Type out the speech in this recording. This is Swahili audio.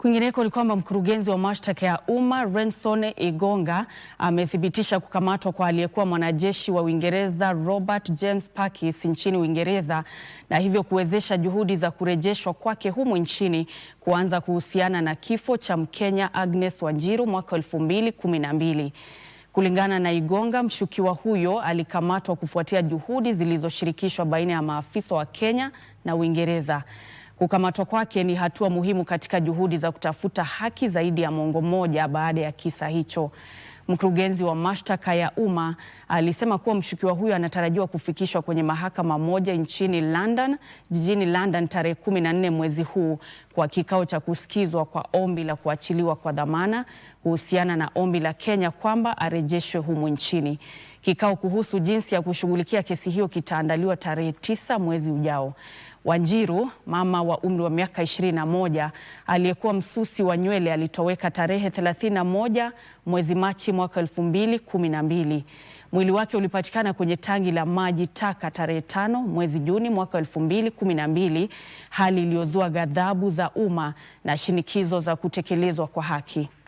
Kwingineko ni kwamba mkurugenzi wa mashtaka ya umma Renson Igonga amethibitisha kukamatwa kwa aliyekuwa mwanajeshi wa Uingereza Robert James Purkiss nchini Uingereza na hivyo kuwezesha juhudi za kurejeshwa kwake humu nchini kuanza kuhusiana na kifo cha Mkenya Agnes Wanjiru mwaka 2012. Kulingana na Igonga, mshukiwa huyo alikamatwa kufuatia juhudi zilizoshirikishwa baina ya maafisa wa Kenya na Uingereza. Kukamatwa kwake ni hatua muhimu katika juhudi za kutafuta haki zaidi ya mwongo mmoja baada ya kisa hicho. Mkurugenzi wa mashtaka ya umma alisema kuwa mshukiwa huyo anatarajiwa kufikishwa kwenye mahakama moja nchini London, jijini London tarehe 14 mwezi huu kwa kikao cha kusikizwa kwa ombi la kuachiliwa kwa dhamana kuhusiana na ombi la Kenya kwamba arejeshwe humu nchini. Kikao kuhusu jinsi ya kushughulikia kesi hiyo kitaandaliwa tarehe tisa mwezi ujao. Wanjiru, mama wa umri wa miaka 21 aliyekuwa msusi wa nywele alitoweka tarehe 31 mwezi Machi mwaka 2012. Mwili wake ulipatikana kwenye tangi la maji taka tarehe 5 mwezi Juni mwaka 2012, hali iliyozua ghadhabu za umma na shinikizo za kutekelezwa kwa haki.